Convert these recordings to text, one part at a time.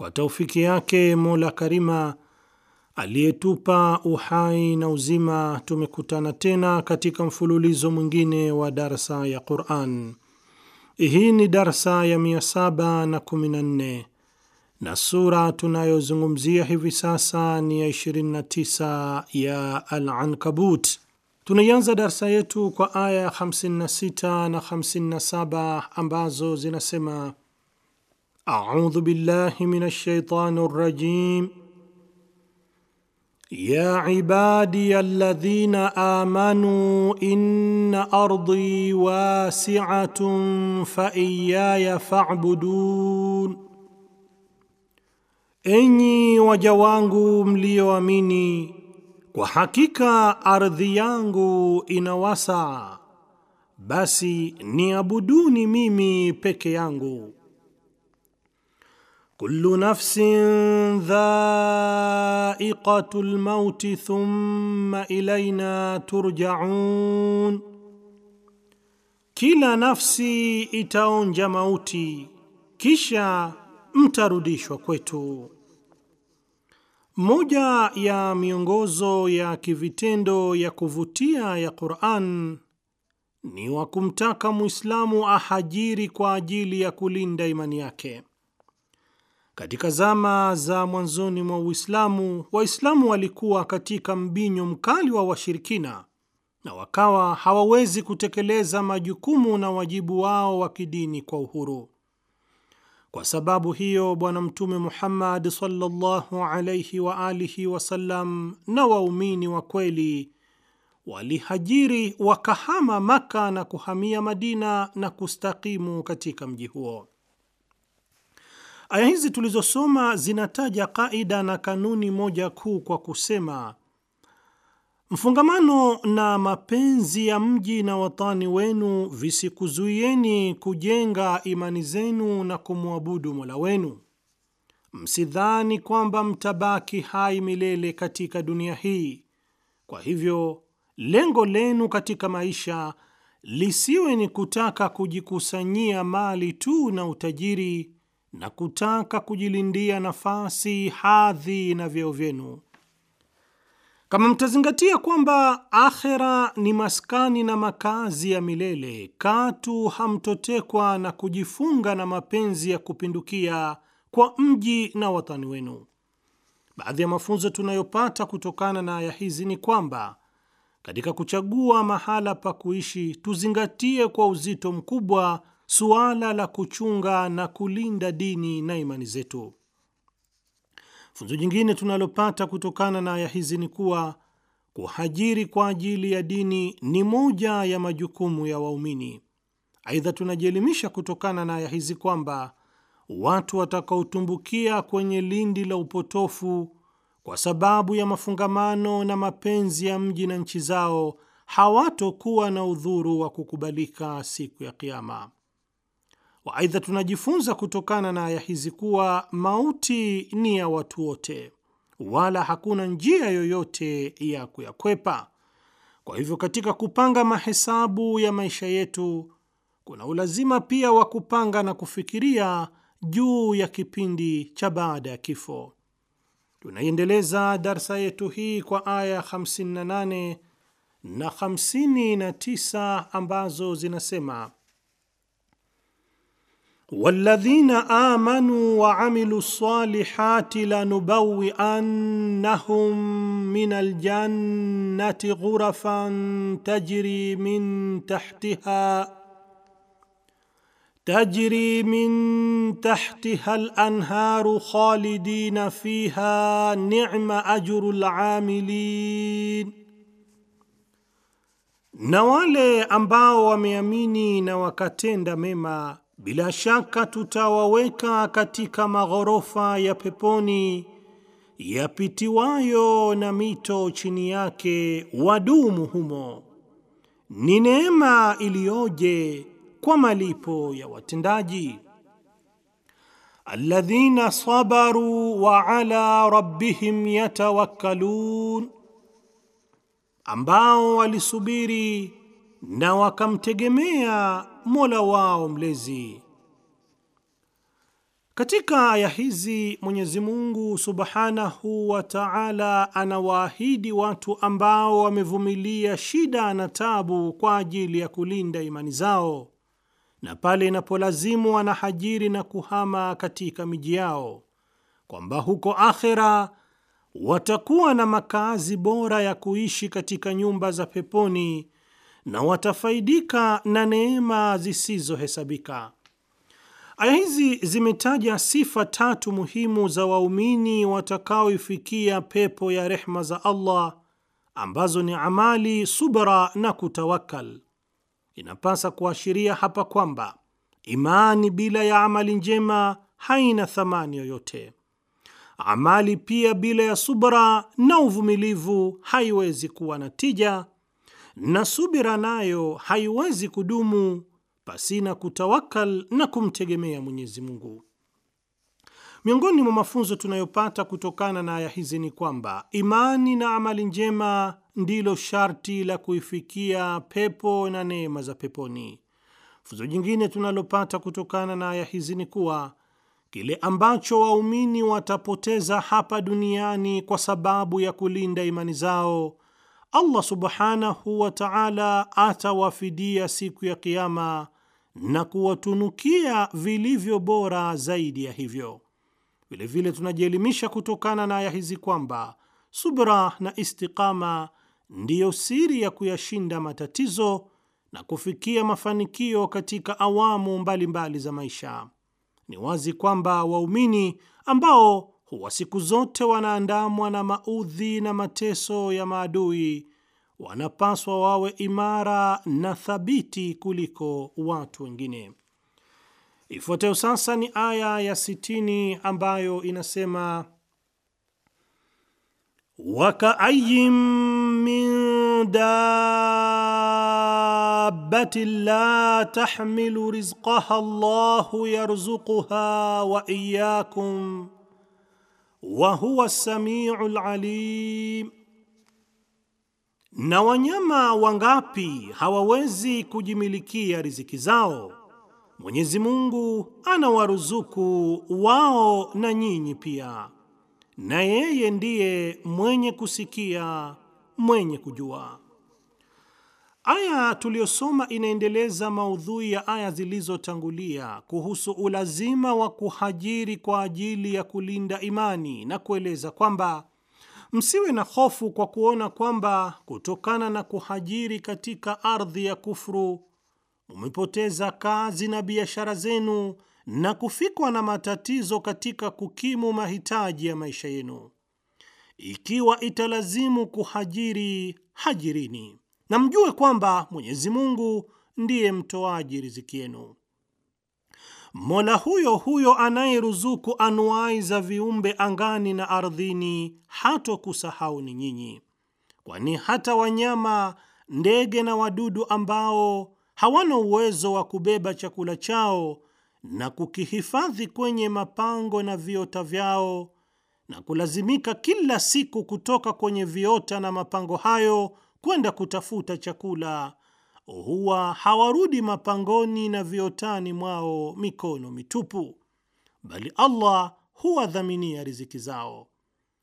kwa taufiki yake Mola Karima aliyetupa uhai na uzima, tumekutana tena katika mfululizo mwingine wa darsa ya Quran. Hii ni darsa ya 714 na sura tunayozungumzia hivi sasa ni ya 29 ya Al-Ankabut. Tunaianza darsa yetu kwa aya 56 na 57 ambazo zinasema اعوذ بالله من الشيطان الرجيم يا عبادي الذين امنوا ان ارضي واسعه فاياي فاعبدون enyi waja wangu mlioamini kwa hakika ardhi yangu ina wasaa basi niabuduni mimi peke yangu Kullu nafsin dhaiqatul mauti thumma ilaina turjaun, kila nafsi itaonja mauti kisha mtarudishwa kwetu. Moja ya miongozo ya kivitendo ya kuvutia ya Qur'an ni wa kumtaka Muislamu ahajiri kwa ajili ya kulinda imani yake. Katika zama za mwanzoni mwa Uislamu, Waislamu walikuwa katika mbinyo mkali wa washirikina na wakawa hawawezi kutekeleza majukumu na wajibu wao wa kidini kwa uhuru. Kwa sababu hiyo, Bwana Mtume Muhammad sallallahu alaihi wa alihi wasallam na waumini wa kweli walihajiri wakahama Maka na kuhamia Madina na kustakimu katika mji huo. Aya hizi tulizosoma zinataja kaida na kanuni moja kuu kwa kusema, mfungamano na mapenzi ya mji na watani wenu visikuzuieni kujenga imani zenu na kumwabudu Mola wenu. Msidhani kwamba mtabaki hai milele katika dunia hii. Kwa hivyo lengo lenu katika maisha lisiwe ni kutaka kujikusanyia mali tu na utajiri na kutaka kujilindia nafasi, hadhi na vyeo vyenu. Kama mtazingatia kwamba akhera ni maskani na makazi ya milele, katu hamtotekwa na kujifunga na mapenzi ya kupindukia kwa mji na watani wenu. Baadhi ya mafunzo tunayopata kutokana na aya hizi ni kwamba katika kuchagua mahala pa kuishi tuzingatie kwa uzito mkubwa suala la kuchunga na kulinda dini na imani zetu. Funzo jingine tunalopata kutokana na aya hizi ni kuwa kuhajiri kwa ajili ya dini ni moja ya majukumu ya waumini. Aidha, tunajielimisha kutokana na aya hizi kwamba watu watakaotumbukia kwenye lindi la upotofu kwa sababu ya mafungamano na mapenzi ya mji na nchi zao hawatokuwa na udhuru wa kukubalika siku ya Kiama. Waaidha, tunajifunza kutokana na aya hizi kuwa mauti ni ya watu wote, wala hakuna njia yoyote ya kuyakwepa. Kwa hivyo, katika kupanga mahesabu ya maisha yetu kuna ulazima pia wa kupanga na kufikiria juu ya kipindi cha baada ya kifo. Tunaiendeleza darsa yetu hii kwa aya 58 na 59 ambazo zinasema والذين امنوا وعملوا الصالحات لنبوئنهم من الجنه غرفا تجري من تحتها تجري من تحتها الانهار خالدين فيها نعم اجر العاملين na wale ambao wameamini na wakatenda mema bila shaka tutawaweka katika maghorofa ya peponi yapitiwayo na mito chini yake, wadumu humo. Ni neema iliyoje kwa malipo ya watendaji. Alladhina sabaru wa ala rabbihim yatawakkalun, ambao walisubiri na wakamtegemea Mola wao mlezi. Katika aya hizi Mwenyezi Mungu Subhanahu wa Ta'ala anawaahidi watu ambao wamevumilia shida na tabu kwa ajili ya kulinda imani zao, na pale inapolazimu wanahajiri na kuhama katika miji yao, kwamba huko akhera watakuwa na makazi bora ya kuishi katika nyumba za peponi na watafaidika na neema zisizohesabika. Aya hizi zimetaja sifa tatu muhimu za waumini watakaoifikia pepo ya rehma za Allah ambazo ni amali, subra na kutawakal. Inapasa kuashiria hapa kwamba imani bila ya amali njema haina thamani yoyote. Amali pia bila ya subra na uvumilivu haiwezi kuwa na tija na subira nayo haiwezi kudumu pasina kutawakal na kumtegemea Mwenyezi Mungu. Miongoni mwa mafunzo tunayopata kutokana na aya hizi ni kwamba imani na amali njema ndilo sharti la kuifikia pepo na neema za peponi. Funzo jingine tunalopata kutokana na aya hizi ni kuwa kile ambacho waumini watapoteza hapa duniani kwa sababu ya kulinda imani zao Allah subhanahu wa ta'ala atawafidia siku ya Kiyama na kuwatunukia vilivyo bora zaidi ya hivyo. Vilevile tunajielimisha kutokana na aya hizi kwamba subra na istiqama ndiyo siri ya kuyashinda matatizo na kufikia mafanikio katika awamu mbalimbali mbali za maisha. Ni wazi kwamba waumini ambao huwa siku zote wanaandamwa na maudhi na mateso ya maadui, wanapaswa wawe imara na thabiti kuliko watu wengine. Ifuatayo sasa ni aya ya sitini ambayo inasema wakaayim min dabbatin la tahmilu rizqaha Allahu yarzuquha wa iyyakum wa huwa samiu alim. Na wanyama wangapi hawawezi kujimilikia riziki zao? Mwenyezi Mungu anawaruzuku wao na nyinyi pia, na yeye ndiye mwenye kusikia, mwenye kujua. Aya tuliyosoma inaendeleza maudhui ya aya zilizotangulia kuhusu ulazima wa kuhajiri kwa ajili ya kulinda imani na kueleza kwamba msiwe na hofu kwa kuona kwamba kutokana na kuhajiri katika ardhi ya kufru mumepoteza kazi na biashara zenu na kufikwa na matatizo katika kukimu mahitaji ya maisha yenu. Ikiwa italazimu kuhajiri, hajirini na mjue kwamba Mwenyezi Mungu ndiye mtoaji riziki yenu. Mola huyo huyo anayeruzuku anuai za viumbe angani na ardhini hatokusahau ni nyinyi, kwani hata wanyama, ndege na wadudu ambao hawana uwezo wa kubeba chakula chao na kukihifadhi kwenye mapango na viota vyao na kulazimika kila siku kutoka kwenye viota na mapango hayo kwenda kutafuta chakula, huwa hawarudi mapangoni na viotani mwao mikono mitupu, bali Allah huwadhaminia riziki zao.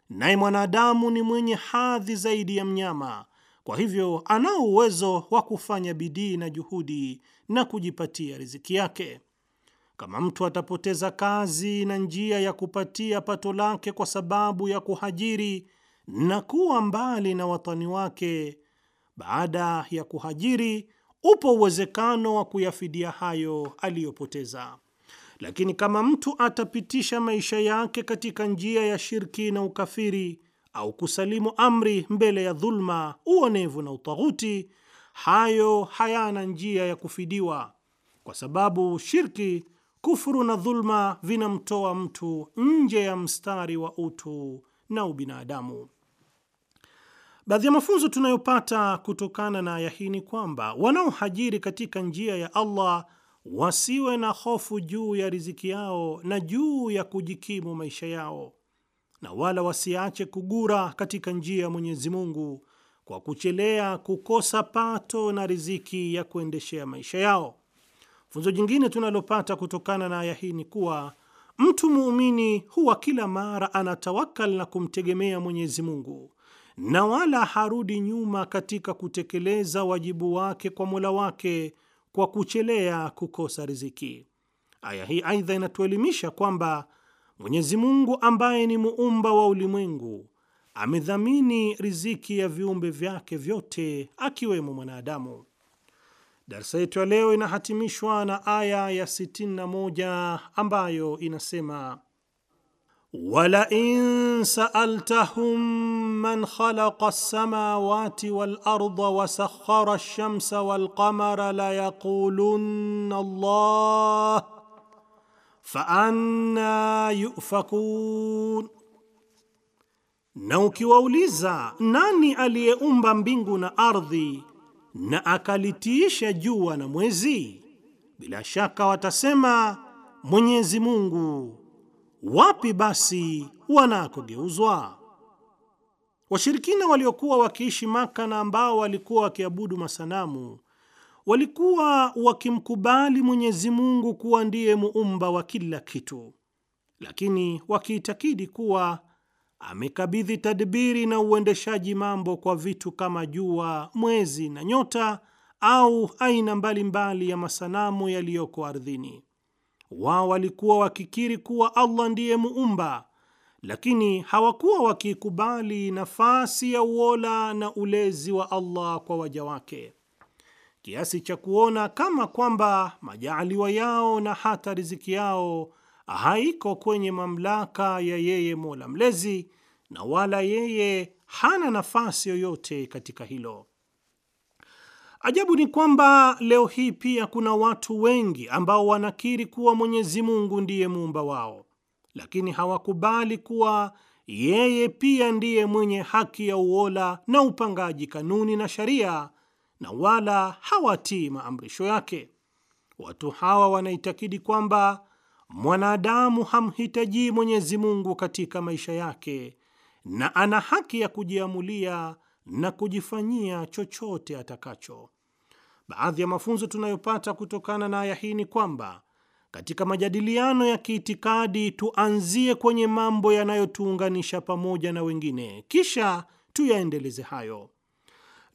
Naye mwanadamu ni mwenye hadhi zaidi ya mnyama, kwa hivyo anao uwezo wa kufanya bidii na juhudi na kujipatia riziki yake. Kama mtu atapoteza kazi na njia ya kupatia pato lake kwa sababu ya kuhajiri na kuwa mbali na watani wake, baada ya kuhajiri, upo uwezekano wa kuyafidia hayo aliyopoteza, lakini kama mtu atapitisha maisha yake katika njia ya shirki na ukafiri au kusalimu amri mbele ya dhulma, uonevu na utaghuti, hayo hayana njia ya kufidiwa, kwa sababu shirki, kufuru na dhulma vinamtoa mtu nje ya mstari wa utu na ubinadamu. Baadhi ya mafunzo tunayopata kutokana na aya hii ni kwamba wanaohajiri katika njia ya Allah wasiwe na hofu juu ya riziki yao na juu ya kujikimu maisha yao, na wala wasiache kugura katika njia ya Mwenyezi Mungu kwa kuchelea kukosa pato na riziki ya kuendeshea maisha yao. Funzo jingine tunalopata kutokana na aya hii ni kuwa mtu muumini huwa kila mara anatawakal na kumtegemea Mwenyezi Mungu na wala harudi nyuma katika kutekeleza wajibu wake kwa Mola wake kwa kuchelea kukosa riziki. Aya hii aidha inatuelimisha kwamba Mwenyezi Mungu ambaye ni muumba wa ulimwengu amedhamini riziki ya viumbe vyake vyote akiwemo mwanadamu. Darsa yetu ya leo inahatimishwa na aya ya 61 ambayo inasema ولئن سالتهم من خلق السماوات والارض وسخر الشمس والقمر ليقولن الله faanna yufakun, na ukiwauliza nani aliyeumba mbingu na ardhi na akalitiisha jua na mwezi, bila shaka watasema Mwenyezi Mungu wapi basi wanakogeuzwa? Washirikina waliokuwa wakiishi Maka na ambao walikuwa wakiabudu masanamu walikuwa wakimkubali Mwenyezi Mungu kuwa ndiye muumba wa kila kitu, lakini wakiitakidi kuwa amekabidhi tadbiri na uendeshaji mambo kwa vitu kama jua, mwezi na nyota au aina mbalimbali mbali ya masanamu yaliyoko ardhini wao walikuwa wakikiri kuwa Allah ndiye muumba, lakini hawakuwa wakikubali nafasi ya uola na ulezi wa Allah kwa waja wake, kiasi cha kuona kama kwamba majaaliwa yao na hata riziki yao haiko kwenye mamlaka ya yeye Mola Mlezi, na wala yeye hana nafasi yoyote katika hilo. Ajabu ni kwamba leo hii pia kuna watu wengi ambao wanakiri kuwa Mwenyezi Mungu ndiye muumba wao, lakini hawakubali kuwa yeye pia ndiye mwenye haki ya uola na upangaji kanuni na sharia, na wala hawatii maamrisho yake. Watu hawa wanaitakidi kwamba mwanadamu hamhitajii Mwenyezi Mungu katika maisha yake na ana haki ya kujiamulia na kujifanyia chochote atakacho. Baadhi ya mafunzo tunayopata kutokana na aya hii ni kwamba katika majadiliano ya kiitikadi tuanzie kwenye mambo yanayotuunganisha pamoja na wengine, kisha tuyaendeleze hayo.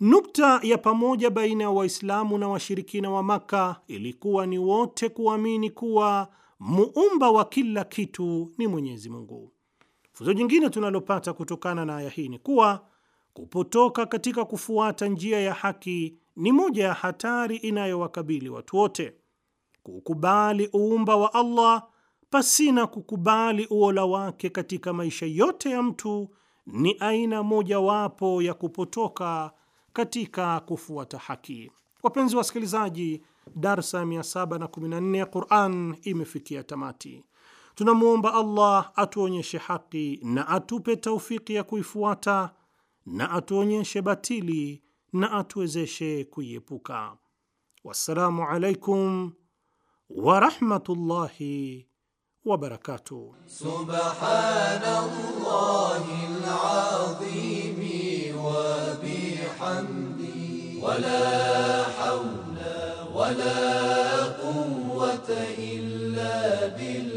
Nukta ya pamoja baina ya Waislamu na washirikina wa Maka ilikuwa ni wote kuamini kuwa muumba wa kila kitu ni Mwenyezi Mungu. Funzo jingine tunalopata kutokana na aya hii ni kuwa kupotoka katika kufuata njia ya haki ni moja ya hatari inayowakabili watu wote. Kukubali uumba wa Allah pasina kukubali uola wake katika maisha yote ya mtu ni aina mojawapo ya kupotoka katika kufuata haki. Wapenzi wasikilizaji, darsa 714 ya Quran imefikia tamati. Tunamwomba Allah atuonyeshe haki na atupe taufiki ya kuifuata na atuonyeshe batili na atuwezeshe kuiepuka. Wassalamu alaikum warahmatullahi wabarakatuh. Subhanallahil azim wa bihamdi wala hawla wala quwwata illa billah